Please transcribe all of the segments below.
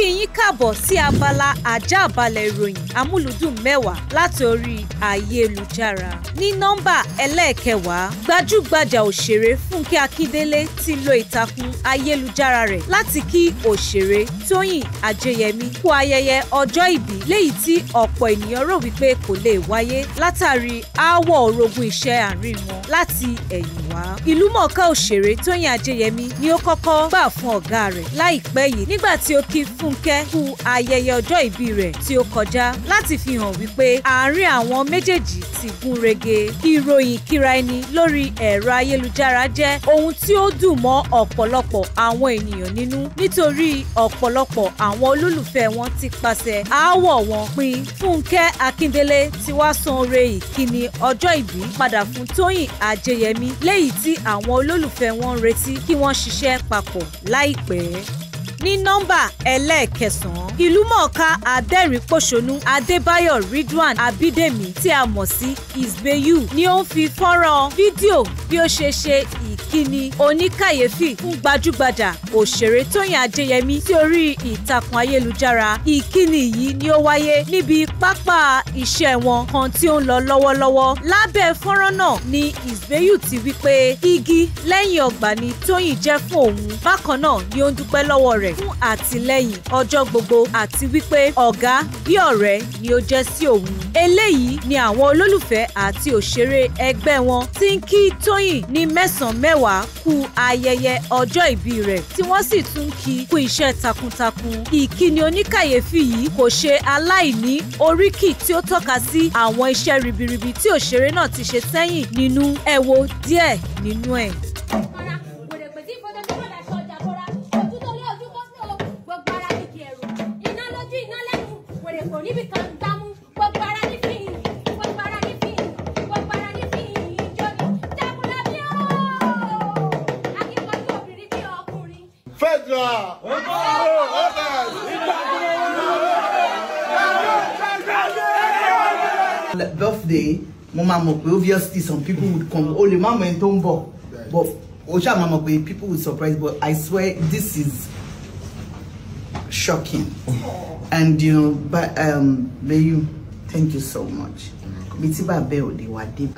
kí yín kàbọ̀ sí abala ajá balẹ̀ ìròyìn amúlùdùn mẹ́wàá láti orí ayélujára. ní nọ́mbà ẹlẹ́ẹ̀kẹwàá gbajúgbajà òṣèré Fúnkẹ́ Akíndélé ti lo ìtàkùn ayélujára rẹ̀ láti kí òṣèré Tóyìn Ajéyẹmí kú ayẹyẹ ọjọ́ ìbí léyìí tí ọ̀pọ̀ ènìyàn rò wípé kò lè wáyé látàrí aáwọ̀ orogún iṣẹ́ àárín wọn láti ẹ̀yìn wá. ìlúmọ̀ọ́ká òṣèré Tóyìn Ajéyẹmí ni ó kọ́kọ́ gbà fún ọ̀gá rẹ̀ láìpẹ́ yìí nígbà tí ó kí Fúnkẹ́ kú ayẹyẹ ọjọ́ ìbí rẹ̀ tí ó kọjá láti fi hàn wípé àárín àwọn méjèèjì ti gún régé. ìròyìn kíra ẹni lórí ẹ̀rọ ayélujára jẹ́ ohun tí ó dùn mọ́ ọ̀pọ̀lọpọ̀ àwọn ènìyàn nínú nítorí ọ̀pọ̀lọpọ̀ àwọn olólùfẹ́ wọn ti pàṣẹ aáwọ̀ wọn pin Fúnkẹ́ Akíndélé ti wá san oore ìkíni ọjọ́ ìbí padà fún Tóyìn Ajéyẹmí lẹ́yìn eléyìí tí àwọn olólùfẹ́ wọn ń retí kí wọ́n ṣiṣẹ́ papọ̀ láìpẹ́ ní nọ́mbà ẹlẹ́ẹ̀kẹsàn-án ìlúmọ̀ọ́ká adẹ́rìnpòṣónú adébáyọ̀ ridwan abídèmí tí a mọ̀ sí isbeyu ni ó ń fi fọ́nrán fídíò bí ó ṣe ṣe ìkíni oníkàyéfì fún gbajúgbajà òṣèré tóyìn adéyẹmí sí orí ìtàkùn ayélujára ìkíni yìí ni ó wáyé níbi pápá iṣẹ́ wọn kan tí ó ń lọ lọ́wọ́lọ́wọ́ lábẹ́ fọ́nrán náà ni isbeyu ti wí igi lẹ́yìn ọgbà ni tóyìn jẹ́ fún òun bákan náà ni ó ń dúpẹ́ lọ́wọ́ rẹ̀ rẹ̀ fún àtìlẹ́yìn ọjọ́ gbogbo àti wípé ọ̀gá bí ọ̀rẹ́ ni ó jẹ́ sí òun. eléyìí ni àwọn olólùfẹ́ àti òṣèré ẹgbẹ́ wọn ti ń kí Tóyìn ní mẹ́sàn-án mẹ́wàá kú ayẹyẹ ọjọ́ ìbí rẹ̀ tí wọ́n sì tún kí kú iṣẹ́ takuntakun. ìkíni oníkàyéfì yìí kò ṣe aláìní oríkì tí ó tọ́ka sí àwọn iṣẹ́ ribiribi tí òṣèré náà ti ṣe sẹ́yìn nínú ẹ díẹ̀ nínú ẹ̀. day mo máa obviously some people would come only lè má mọ̀ ẹni but o ṣáà máa people would surprise but I swear this is shocking and you know but um, Bayu thank you so much bí tí bàbá ò lè wá dé.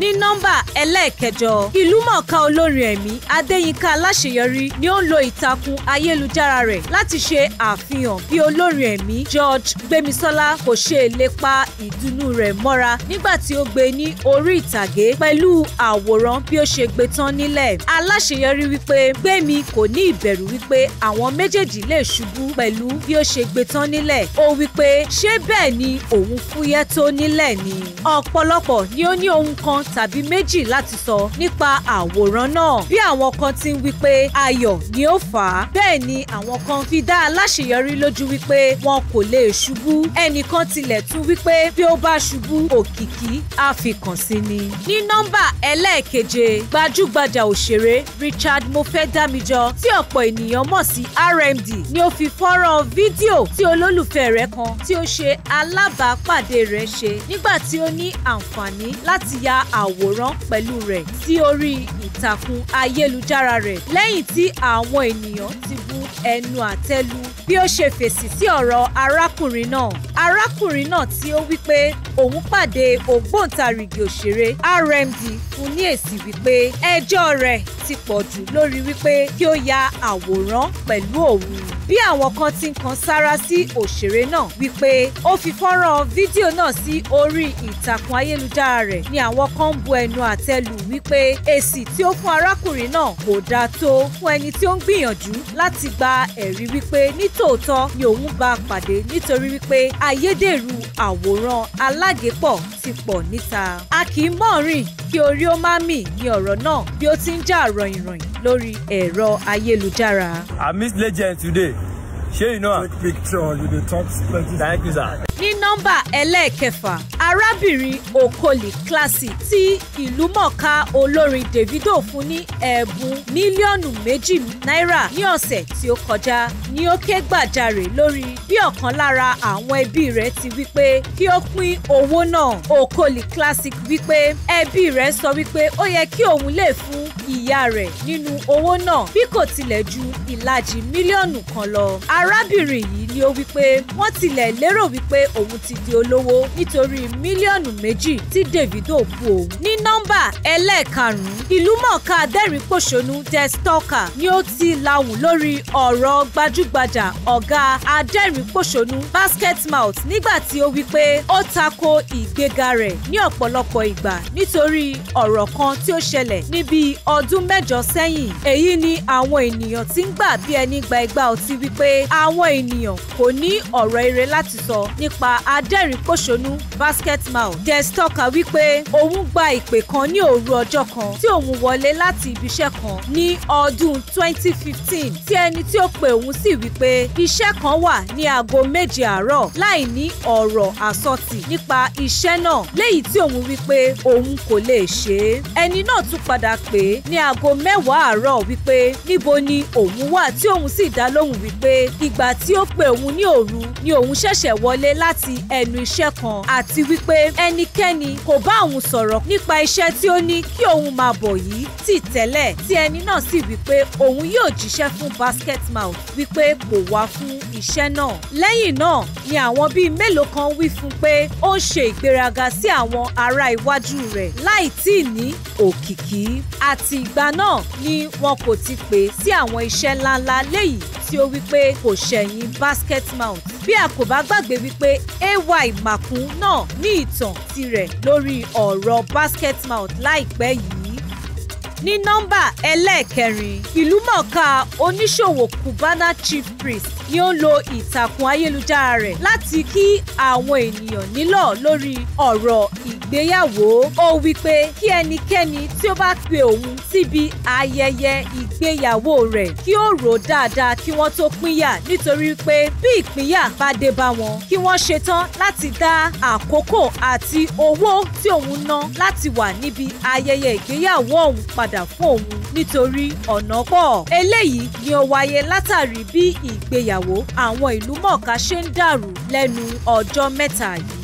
ní nọ́mbà ẹlẹ́ẹ̀kẹjọ ìlúmọ̀ọ́ká olórin ẹ̀mí adéyínká aláṣeyọrí ni ó ń lo ìtàkùn ayélujára rẹ̀ láti ṣe àfihàn bí olórin ẹ̀mí george gbémisọ́lá kò ṣe lè pa ìdùnnú rẹ̀ mọ́ra nígbà tí ó gbé ní orí ìtàgé pẹ̀lú àwòrán bí ó ṣe gbé tán nílẹ̀ aláṣeyọrí wípé gbémi kò ní ìbẹ̀rù wípé àwọn méjèèjì lè ṣubú pẹ̀lú bí ó ṣe gbé tán nílẹ̀ ó wípé ṣé bẹ́ẹ̀ ni òun fúyẹ́ tó onílẹ̀ ni. ọ̀pọ̀lọpọ̀ ni ó ní ohun kan tàbí méjì láti sọ nípa àwòrán náà bí àwọn kan ti ń wí pé ayọ̀ ni ó fà á bẹ́ẹ̀ ni àwọn kan fi dá aláṣeyọrí lójú wípé wọn kò lè ṣubú ẹnìkan tilẹ̀ tún wípé bí ó bá ṣubú òkìkí á fi kàn sí ni. ní nọ́mbà ẹlẹ́ẹ̀keje gbajúgbajà òṣèré Richard Mofedamijọ tí ọ̀pọ̀ ènìyàn mọ̀ sí RMD ni ó fi fọ́nrán fídíò tí olólùfẹ́ rẹ̀ kan tí ó ṣe alábàápàdé rẹ̀ ṣe nígbà tí ó ní àǹfààní láti ya àwòrán pẹ̀lú rẹ̀ sí orí ìtàkùn ayélujára rẹ̀ lẹ́yìn tí àwọn ènìyàn ti bu ẹnu àtẹ́ bí ó ṣe fèsì sí ọ̀rọ̀ arákùnrin náà arákùnrin náà tí ó wí pé òun pàdé ògbóǹtarìgì òṣèré RMD fún ní èsì wípé ẹjọ́ rẹ̀ ti pọ̀ jù lórí wípé kí ó ya àwòrán pẹ̀lú òun bí àwọn kan ti ń kan sára sí òṣèré náà wípé ó fi fọ́nrán fídíò náà sí orí ìtàkùn ayélujára rẹ̀ ni àwọn kan ń bu ẹnu àtẹ́ lù wípé èsì tí ó fún arákùnrin náà kò dáa tó fún ẹni tí ó ń gbìyànjú láti gba ẹ̀rí wípé nít nítòótọ́ yòówù bá pàdé nítorí wípé ayédèrú àwòrán alágbèpọ̀ ti pọ̀ níta. a kì í mọ̀ọ́rìn kí orí ó má mì ní ọ̀rọ̀ náà bí ó ti ń jà ròyìnròyìn lórí ẹ̀rọ ayélujára. I miss legend today. Shey you know am. Take picture, you dey talk plenty. Thank you, sir nọ́mbà ẹlẹ́ẹ̀kẹfà arábìnrin okoli classy tí ìlúmọ̀ọ́ká olórin Davido fún ní ẹ̀bùn mílíọ̀nù méjì náírà ní ọ̀sẹ̀ tí ó kọjá ni ó ké gbàjarè lórí bí ọ̀kan lára àwọn ẹbí rẹ̀ ti wípé kí ó pín owó náà okoli classic wípé ẹbí rẹ̀ sọ wípé ó yẹ kí òun lè fún ìyá rẹ̀ nínú owó náà bí kò tilẹ̀ ju ìlàjì mílíọ̀nù kan lọ arábìnrin yìí Adio wípé wọ́n tilẹ̀ lérò wípé òun ti di olówó nítorí mílíọ̀nù méjì tí Davido bu òun. ní nọ́mbà ẹlẹ́ẹ̀karùn-ún ìlúmọ̀ọ́ká adẹ́rìnpòṣónú Destalker ni ó ti lahùn lórí ọ̀rọ̀ gbajúgbajà ọ̀gá adẹ́rìnpòṣónú Basket Mouth nígbà tí ó wípé ó tako ìgbéga rẹ̀ ní ọ̀pọ̀lọpọ̀ ìgbà nítorí ọ̀rọ̀ kan tí ó ṣẹlẹ̀ níbi ọdún mẹ́jọ sẹ́yìn èyí ni àwọn ènìyàn ti ń gbà bí ẹni gba igbá ọtí wípé àwọn ènìyàn kò ní ọ̀rọ̀ ire láti sọ nípa adẹ́rìn-pòṣónú basket mouth destoka wípé òun gba ìpè kan ní òru ọjọ́ kan tí òun wọlé láti ibiṣẹ́ kan ní ọdún 2015 tí ẹni tí ó pe òun sì wípé iṣẹ́ kan wà ní aago méje àárọ̀ láì ní ọ̀rọ̀ àsọtì nípa iṣẹ́ náà léyìí tí òun wípé òun kò lè ṣe é ẹni náà tún padà pè é ní aago mẹ́wàá àárọ̀ wípé níbo ni òun wà tí òun sì dá lóhùn wípé ìgbà tí ó pe òun ní òru ni òun ṣẹ̀ṣẹ̀ wọlé láti ẹnu iṣẹ́ kan àti wípé ẹnikẹ́ni kò bá òun sọ̀rọ̀ nípa iṣẹ́ tí ó ní kí òun máa bọ̀ yìí tì tẹ́lẹ̀ tí ẹni náà sì wípé òun yóò jíṣẹ́ fún basket mouth wípé kò wá fún iṣẹ́ náà. lẹ́yìn náà ni àwọn bíi mélòó kan wí fún pé ó ń ṣe ìgbéraga sí àwọn ará iwájú rẹ̀ láì tí ì ní òkìkí àti ìgbà náà ni wọn kò ti pè sí àwọn iṣẹ́ ńláńlá léyìí tí ó wípé kò ṣẹ̀yìn basket mount bí a kò bá gbàgbé wípé ay makun náà ní ìtàn tirẹ̀ lórí ọ̀rọ̀ basket mount láìpẹ́ yìí ní nọ́mbà ẹlẹ́ẹ̀kẹrin ìlúmọ̀ọ́ká oníṣòwò Cubana Chief Priest ni ó ń lo ìtàkùn ayélujára rẹ̀ láti kí àwọn ènìyàn nílọ̀ lórí ọ̀rọ̀ ìgbéyàwó ó wí pé kí ẹnikẹ́ni tí ó bá pe òun síbi ayẹyẹ ìgbéyàwó rẹ̀ kí ó rò dáadáa kí wọ́n tó pínyà nítorí pé bí ìpínyà bá dé bá wọn kí wọ́n ṣetán láti dá àkókò àti owó tí òun ná láti wà níbi ayẹyẹ ìgbéyàwó òun padà padà fún òun nítorí ọ̀nà pọ̀. eléyìí ni ó wáyé látàrí bí ìgbéyàwó àwọn ìlú mọ̀ọ́ká ṣe ń dàrú lẹ́nu ọjọ́ mẹ́ta yìí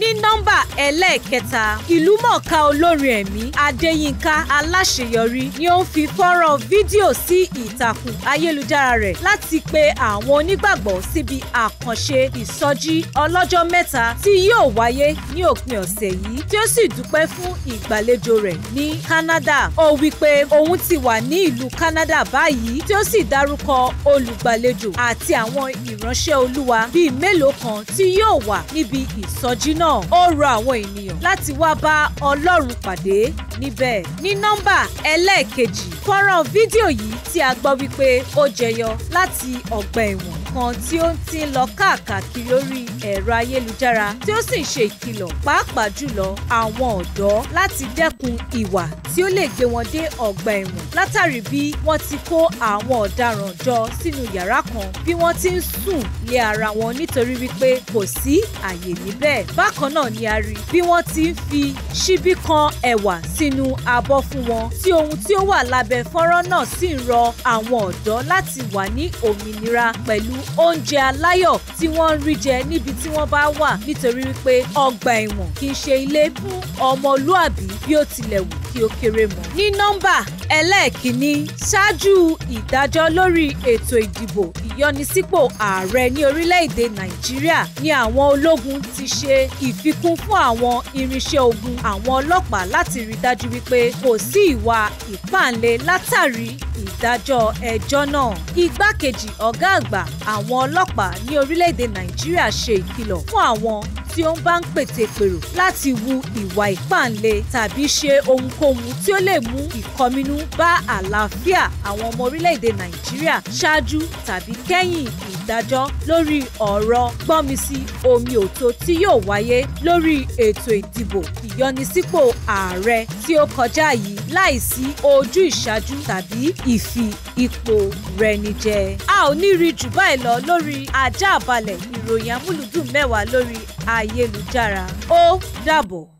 ní nọ́mbà ẹlẹ́ẹ̀kẹta ìlúmọ̀ọ́ká olórin ẹ̀mí adéyínká aláṣeyọrí ni ó ń fi fọ́nrán fídíò sí ìtàkùn ayélujára rẹ̀ láti pe àwọn onígbàgbọ́ síbi àkànṣe ìsọjí ọlọ́jọ́ mẹ́ta tí yóò wáyé ní òpin ọ̀sẹ̀ yìí tí ó sì dúpẹ́ fún ìgbàlejò rẹ̀ ní Canada ó wí pé òun ti wà ní ìlú Canada báyìí tí ó sì dárúkọ olùgbàlejò àti àwọn ìránṣẹ́ olúwa bíi mélòó kan tí yóò wà níbi ìsọjí náà náà ó rọ àwọn ènìyàn láti wá bá Ọlọ́run pàdé níbẹ̀ ní nọ́mbà ẹlẹ́ẹ̀kejì fọ́nrán fídíò yìí tí a gbọ́ wípé ó jẹyọ láti ọgbà ẹ̀wọ̀n kan tí ó ti ń lọ káàkiri orí ẹ̀rọ ayélujára tí ó sì ń ṣe ìkìlọ̀ pàápàá jùlọ àwọn ọ̀dọ́ láti dẹ́kun ìwà tí ó lè gbé wọn dé ọgbà ẹ̀wọ̀n látàrí bí wọ́n ti kó àwọn ọ̀daràn jọ sínú yàrá kan bí wọ́n ti ń sùn lé ara wọn nítorí wípé kò sí àyè níbẹ̀ bákan náà ni a rí bí wọ́n ti ń fi ṣíbí kan ẹ̀wà sínú abọ́ fún wọn tí ohun tí ó wà lábẹ́ fọ́nrán náà sì ń rọ àwọn ọ̀dọ́ láti wà ní òmìnira pẹ̀lú oúnjẹ aláyọ̀ tí wọ́n ń rí jẹ níbi tí wọ́n bá wà nítorí wípé ọgbà ẹ̀wọ̀n kì í ṣe ilé fún ọmọlúàbí bí ó tilẹ̀ wù kí ó kéré mọ́. ní nọ́mbà ẹlẹ́ẹ̀kínní ṣáájú ìdájọ́ lórí ètò ìdìbò ìyọnisípò ààrẹ ní orílẹ̀-èdè nàìjíríà ni àwọn ológun ti ṣe ìfikún fún àwọn irinṣẹ́ ogun àwọn ọlọ́pàá láti rí dájú wípé kò sí ìwà ìpáǹle látàrí ìdájọ́ ẹjọ́ náà igbákejì ọ̀gá àgbà àwọn ọlọ́pàá ní orílẹ̀-èdè nàìjíríà ṣe ìkìlọ̀ fún àwọn tí ó ń bá ń pètè pèrò láti wu ìwà ìpáǹle tàbí ṣe ohunkóhun tí ó lè mú ìkọminú bá àlàáfíà àwọn ọmọ orílẹ̀-èdè Nàìjíríà ṣáájú tàbí kẹ́yìn ìdájọ́ lórí ọ̀rọ̀ gbọ́nmisí omi òtó tí yóò wáyé lórí ètò ìdìbò ìyọnisípò ààrẹ tí ó kọjá yìí láìsí ojú ìṣáájú tàbí ìfi ipò rẹni jẹ. a ò ní rí jù báyìí lọ lórí ajá àbálẹ̀ ìròyìn amúlùdùn mẹ́wàá lórí ayélujára ó dàbọ̀.